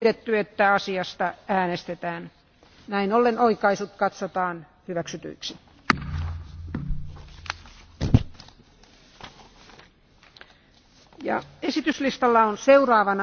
tiedetty että asiasta äänestetään. näin ollen oikaisut katsotaan hyväksytyiksi. Ja esityslistalla on seuraavana